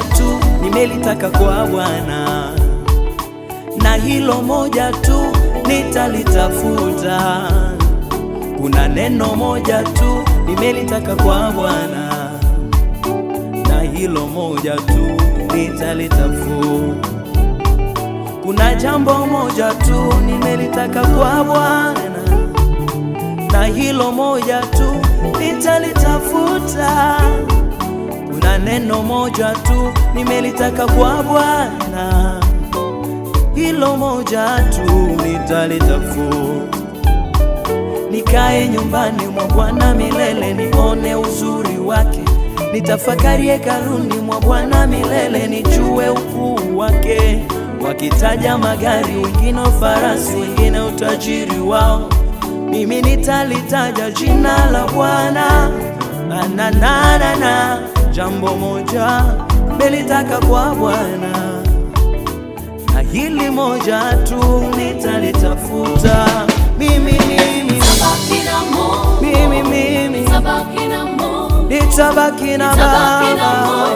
tu nimelitaka kwa Bwana, na hilo moja tu nitalitafuta. Kuna neno moja tu nimelitaka kwa Bwana, na hilo moja tu nitalitafuta. Kuna jambo moja tu nimelitaka kwa Bwana, na hilo moja tu nitalitafuta neno moja tu nimelitaka kwa Bwana, hilo moja tu nitalitafu, nikae nyumbani mwa Bwana milele, nione uzuri wake, nitafakari hekaluni mwa Bwana milele, nijue ukuu wake. Wakitaja magari, wengine farasi, wengine utajiri wao, mimi nitalitaja jina la Bwana na na na na Jambo moja nilitaka kwa Bwana, na hili moja tu nitalitafuta mimi mimi, mimi mimi, nitabaki na Baba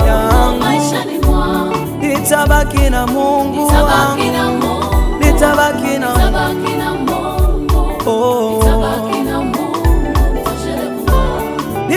yangu, nitabaki na Mungu wangu, nitabaki na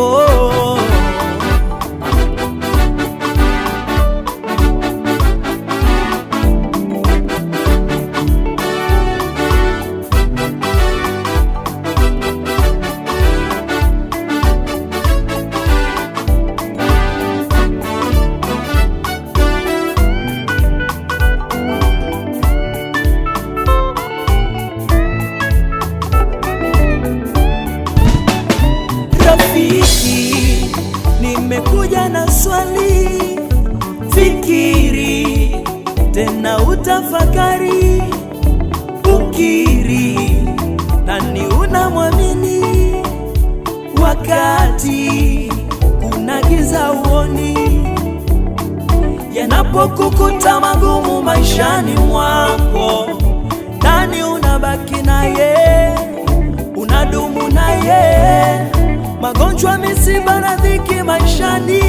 Oh. tafakari ukiri nani unamwamini, wakati kuna giza uoni, yanapokukuta magumu maishani mwako, nani unabaki naye, unadumu naye, magonjwa, misiba na dhiki maishani,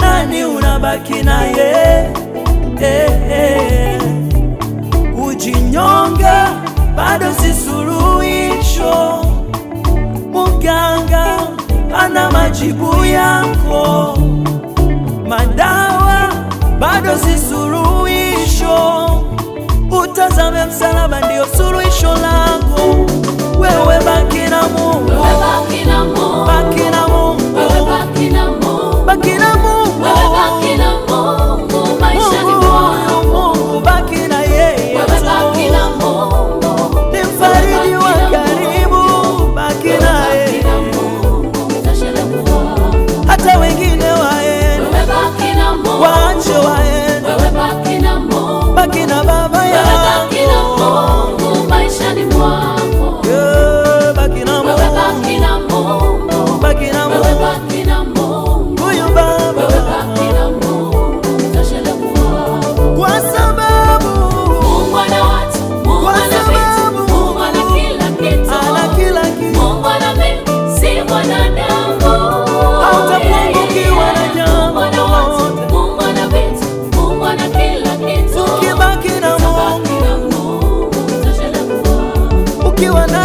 nani unabaki naye Kujinyonga bado si suluhisho, muganga ana majibu yako. Madawa bado si suluhisho, utazame msalaba ndio suluhisho lako. you and I.